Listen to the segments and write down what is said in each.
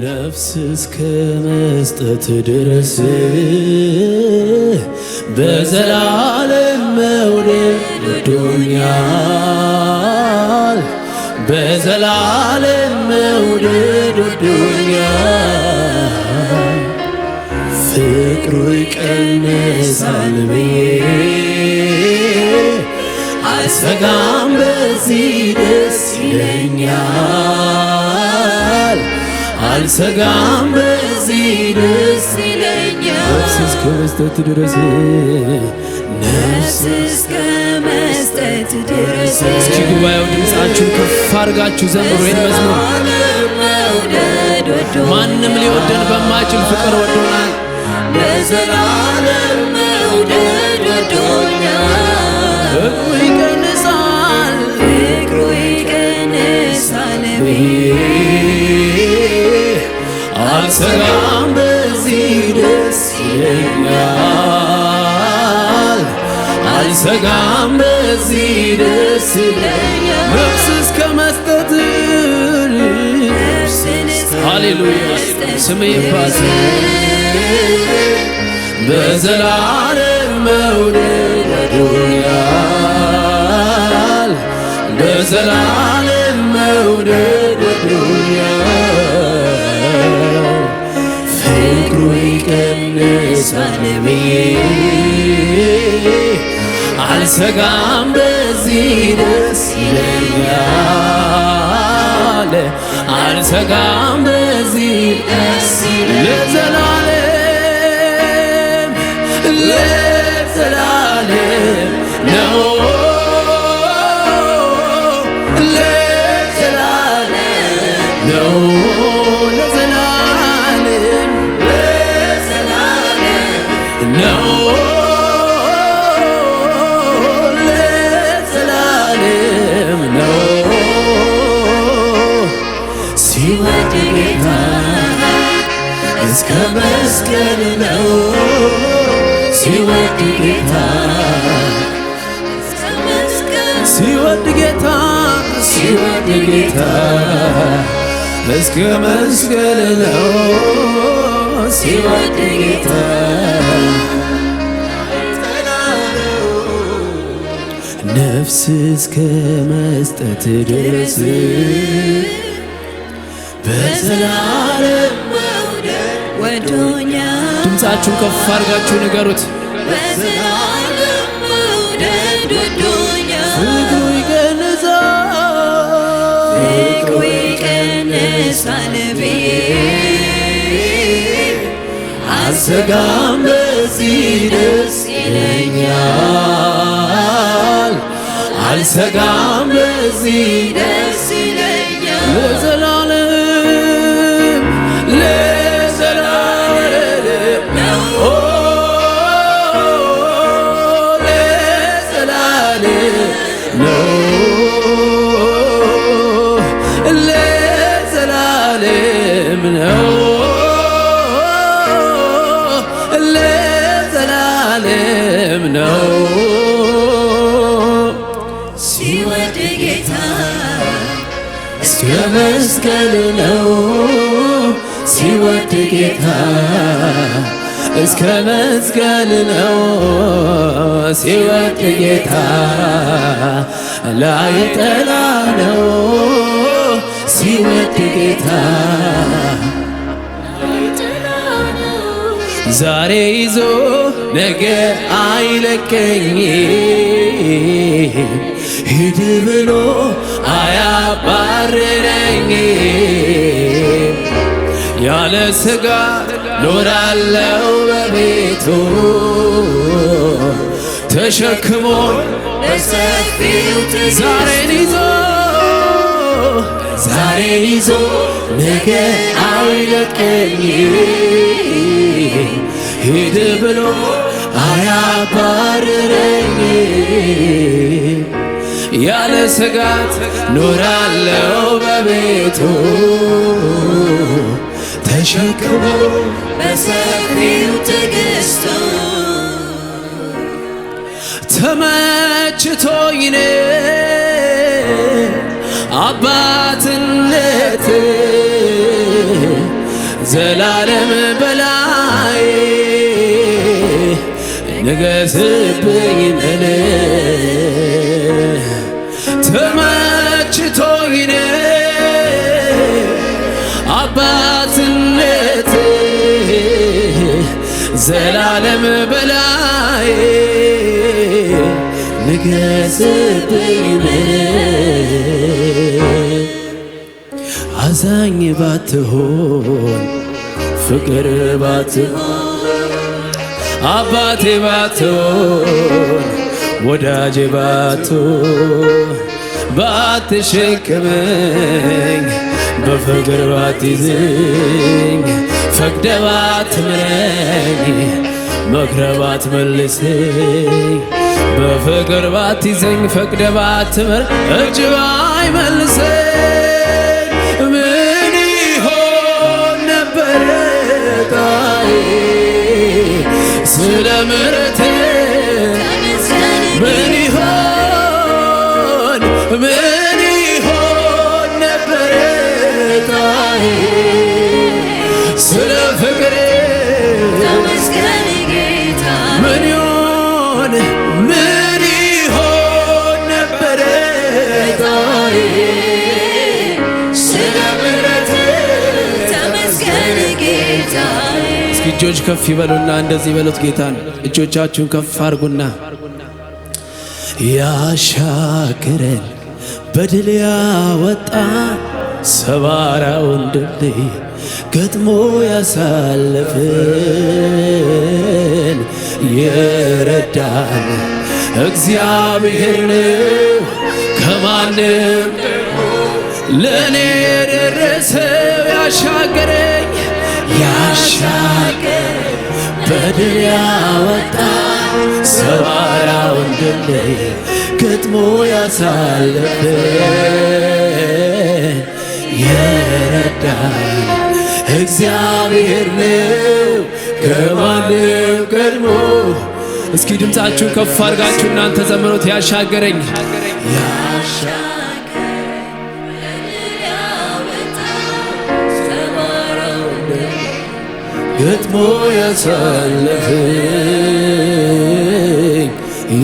ነፍስ እስከ መስጠት ድረስ በዘላለም መውደድ ወዶኛል፣ በዘላለም መውደድ ወዶኛል። ፍቅሩ ይቀንሳል ብዬ አይሰጋም፣ በዚህ ደስ ይለኛል። አልሰጋም በዚህ ደስ ይለኛል። ነፍስ እስከ መስጠት ድረስ ነፍስ እስከ መስጠት ድረስ። እስኪ ጉባኤው ድምፃችሁን ከፍ አድርጋችሁ ዘምሩ ይህን መዝሙር። ማንም ሊወደን በማይችል ፍቅር ወዶናል። ለዘላለም መውደድ ወዶኛል። ፍቅሩ ይቀንሳል፣ ይቀንሳል አልሰራም በዚህ ደስ ይለኛል፣ አልሰጋም በዚህ ደስ ይለኛል። ነፍስ እስከ መስጠት ሃሌሉያ ስሜ በዘላለም መውደድ በዘላ አልሰጋም በዚህ ደስ ይለኛል። አልሰጋም በዚህ ደስ ለዘላለም ለዘላለም ነው ለዘላለም ነው እስከ መስቀል ነው ሲወድ ጌታ ነፍስ እስከ መስጠት ድረስ በዘላለም መውደድ ወዶኛል። ድምፃችሁን ከፍ አድርጋችሁ ንገሩት። በዘላለም ፍቅሩ ይገለጻል። ሳልቤ አልሰጋም በዚህ ደስ ይለኛል አልሰጋም በዚህ ደስ መስቀል ነው ሲወድ ጌታ እስከ መስቀል ነው ሲወድ ጌታ ላይ ጠላ ነው ሲወድ ጌታ ዛሬ ይዞ ነገ አይለቀኝ ሂድ ብሎ አያባርረኝ ያለ ስጋ ኖራለው በቤቱ ተሸክሞ በሰፊው ዛሬን ይዞ ዛሬን ይዞ ነገ አይለቀኝ ሂድ ብሎ አያባርረኝ ያለ ስጋት ኖራለው በቤቱ ተሸክሞ በሰፊው ትግስቱ ተመችቶኝ አባትነት ዘላለም በላይ ንገስብኝ እኔ ተመችቶኝ አባትነት ዘላለም በላይ ንገስብኝ አዛኝ ባትሆን ፍቅር ባትሆን አባቴ ባትሆን ወዳጄ ባትሆን ባትሸክመኝ በፍቅር ባትይዘኝ ፈቅደ ባትምረኝ መክረ ባትመልሰኝ በፍቅር ባትይዘኝ ፈቅደ ባትምር እጅ ባይመልሰኝ ምን ይሆን ነበረ ጣዬ ስለ ምሕረት እስኪ እጆች ከፍ ይበሉና እንደዚህ በሉት ጌታን። እጆቻችሁን ከፍ አርጉና ያሻገረን በድል ያወጣ ሰባራውን ድልድይ ገጥሞ ያሳለፈን የረዳን እግዚአብሔር ነው ከማንም ለእኔ የደረሰው ያሻገረኝ ያሻገር በድል ያወጣ ሰባራውን ድልድይ ገጥሞ ያሳለፈን የረዳን እግዚአብሔር ነው ከማንም ቀድሞ። እስኪ ድምፃችሁ ከፍ አድርጋችሁ እናንተ ዘምሮት ያሻገረኝ ገጥሞ ያሳለፈኝ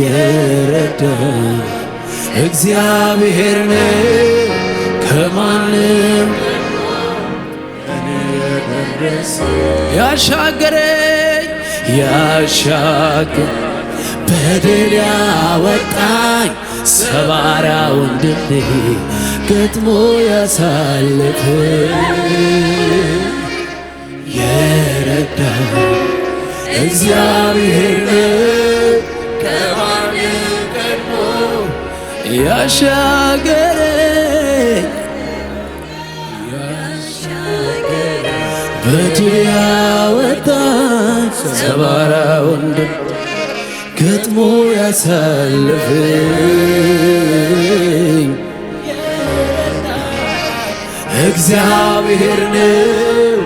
የረዳኝ እግዚአብሔር ነው ከማንም ያሻገረኝ ያሻገር በድል ያወጣኝ ሰባራ ወንድሜ ገጥሞ ያሳለፈኝ የረዳ እግዚአብሔር ከማን ቀድሞ ያሻገረኝ በድል ያወጣኝ ሰባራ ወንድም ገጥሞ ያሳልፈኝ እግዚአብሔር ነው።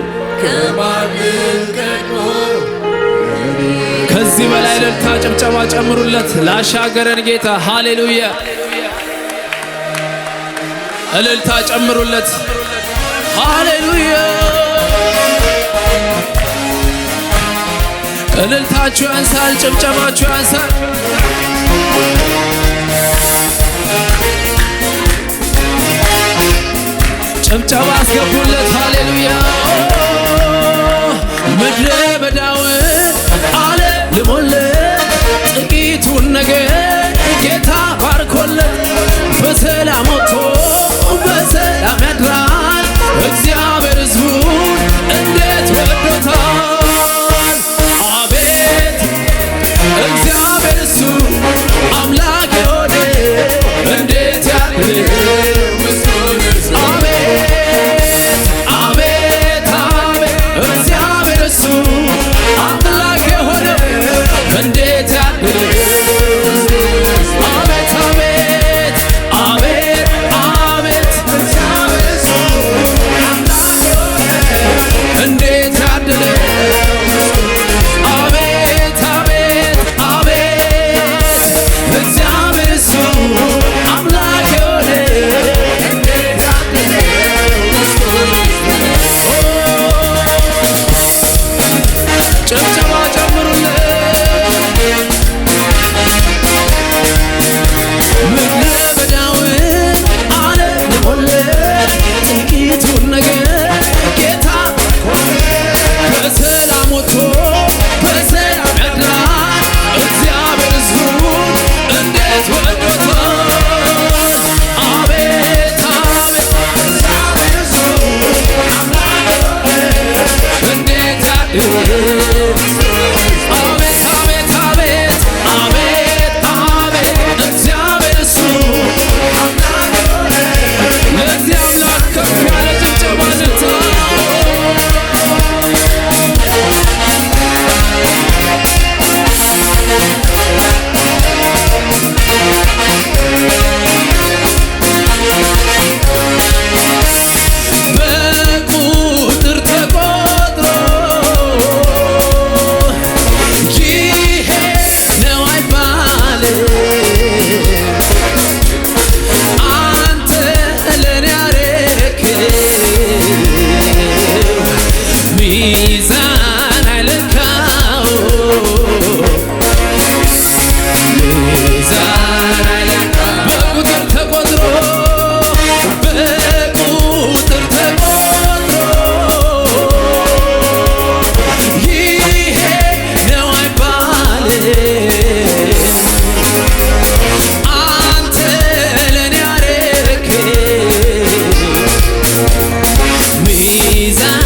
ከዚህ በላይ ልልታ ጭብጨባ ጨምሩለት ላሻገረን ጌታ። ሃሌሉያ! እልልታ ጨምሩለት። ሃሌሉያ! እልልታችሁ ያንሳል፣ ጭብጨባችሁ ያንሳል። ጭብጨባ አስገቡለት። ሃሌሉያ! ምድረ በዳውን አለ ልሞለ reason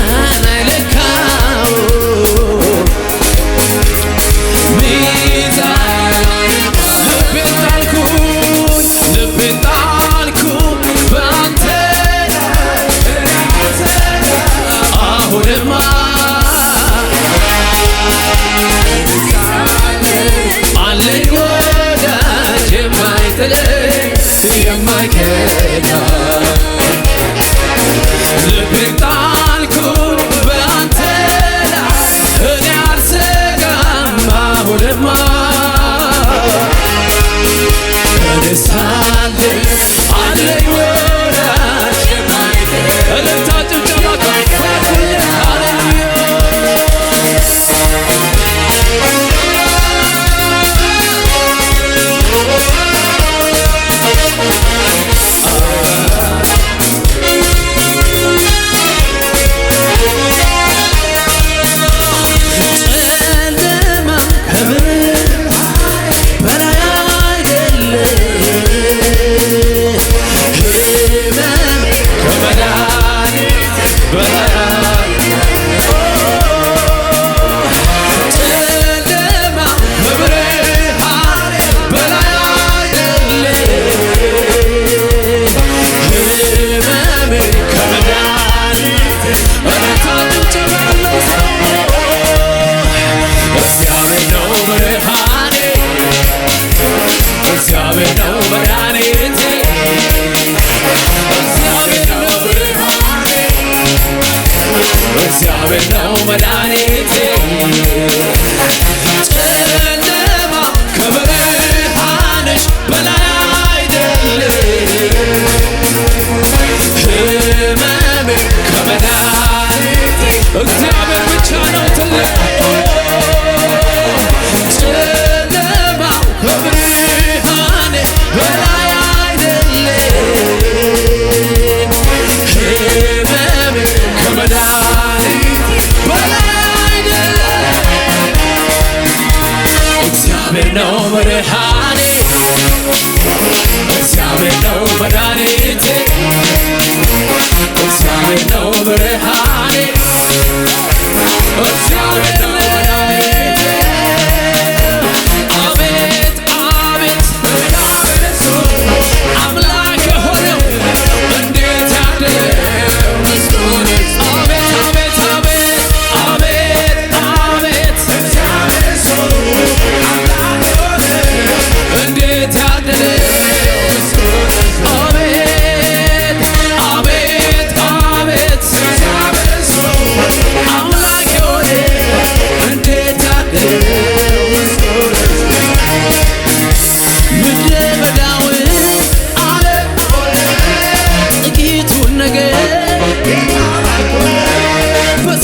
Cause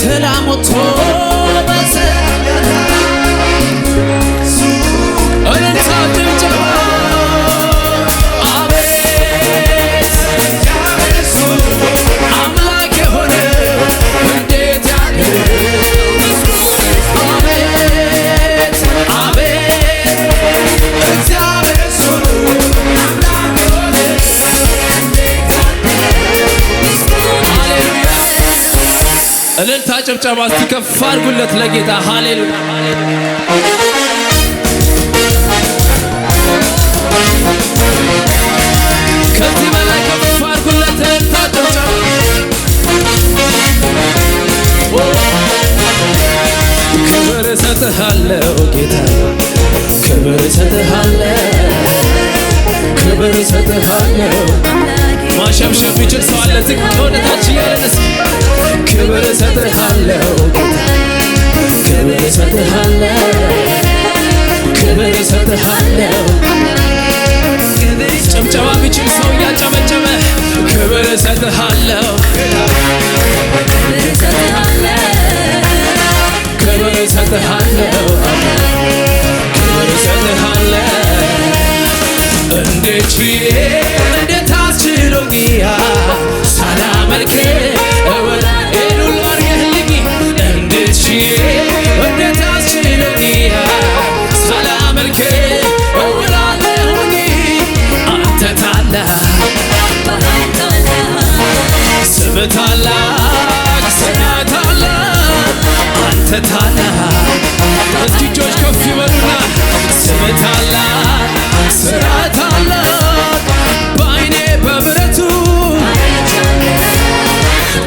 ሰላም ወጥቶ ጭብጨባ እስቲ ከፍ አድርጉለት ለጌታ ሃሌሉያ። ከዚህ በላይ ክብር እሰጥሃለሁ ክብር እሰጥሃለሁ። ማሸብሸብ ይችል ሰው አለ ዝቅ ታች እያለ ክብር እሰጥሃለሁ ክብር እሰጥሃለሁ ክብር እሰጥሃለሁ ጭብጨባ ቢችል ክብር ክብር እንዴት እንዴት አስችሎኛል ሳላመልክህ ታላቅ ስና ታላቅ አንተ ታላቅ እስኪ እጆች ከፍ ይበሉና ስም ታላቅ ስራ ታላቅ በአይኔ በብረቱ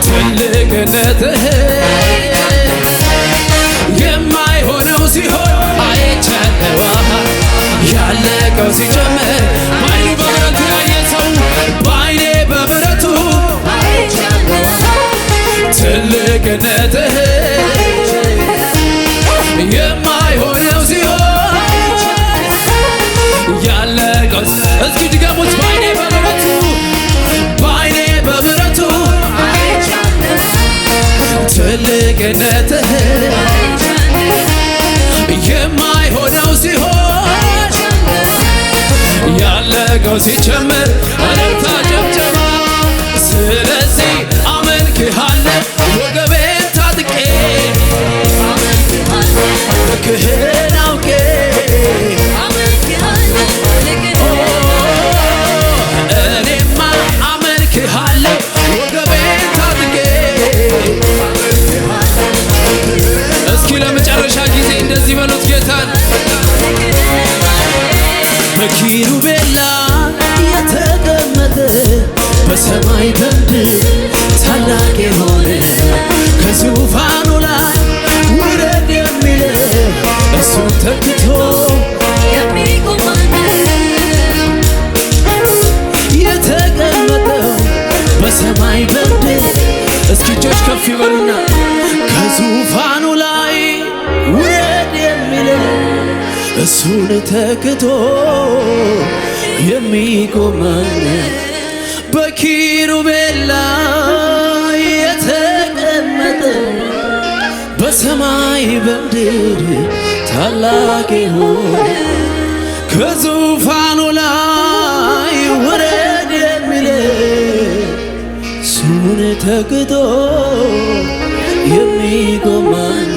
ትልቅነትህ የማይሆነው ሲሆን አይቻለዋ ያለቀው ሲጨምር ትልቅነትህ የማይሆነው ሲሆን ያለቀው እስኪ ድገሙት በዓይኔ በምሕረቱ በዓይኔ በምሕረቱ ትልቅነትህ የማይሆነው ሲሆን ያለቀው ሲጨምር திருவே እሱን ተክቶ የሚቆመን በኪሩቤላ የተቀመጠ በሰማይ በምድር ታላቅ የሆነ ከዙፋኑ ላይ ወረድ የሚል እሱን ተክቶ የሚቆመን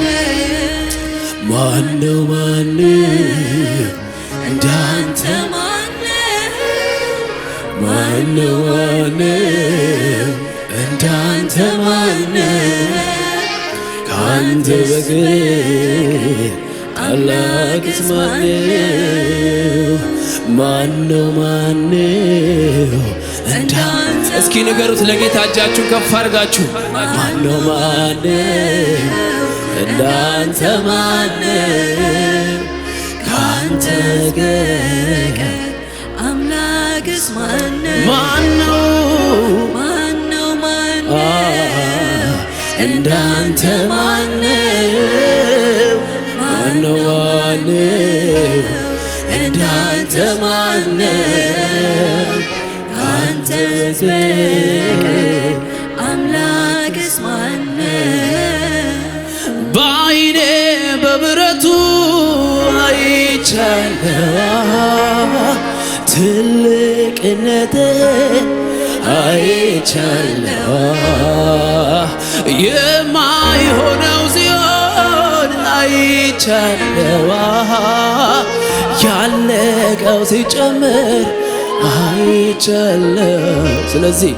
ማነው ማነው እንዳንተ ማነው ማነው ማነው እንዳንተ ማነው ካንተ በቀር ታላቅስ ማነው ማነው ማነው እንዳንተ እስኪ ንገሩት ለጌታ እጃችሁ ከፍ አድርጋችሁ ማነው ማነው እንዳንተ ማንም ካንተ በቀር አምላክስ ማንም ማነው ማነው ማንም እንዳንተ ማንም ማነው ማንም እንዳንተ ማንም ካንተ በቀር ትልቅነት አይቻለሁ የማይሆነው ሲሆን አይቻለዋ ያለቀው ሲጨምር አይቻለሁ ስለዚህ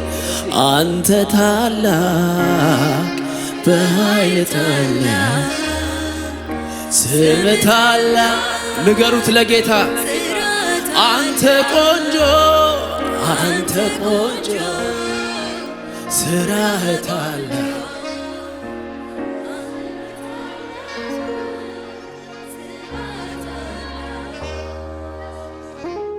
አንተ ታላቅ በኃይል ታላቅ ስም ታላቅ ንገሩት ለጌታ አንተ ቆንጆ አንተ ቆንጆ ስራህ ታላ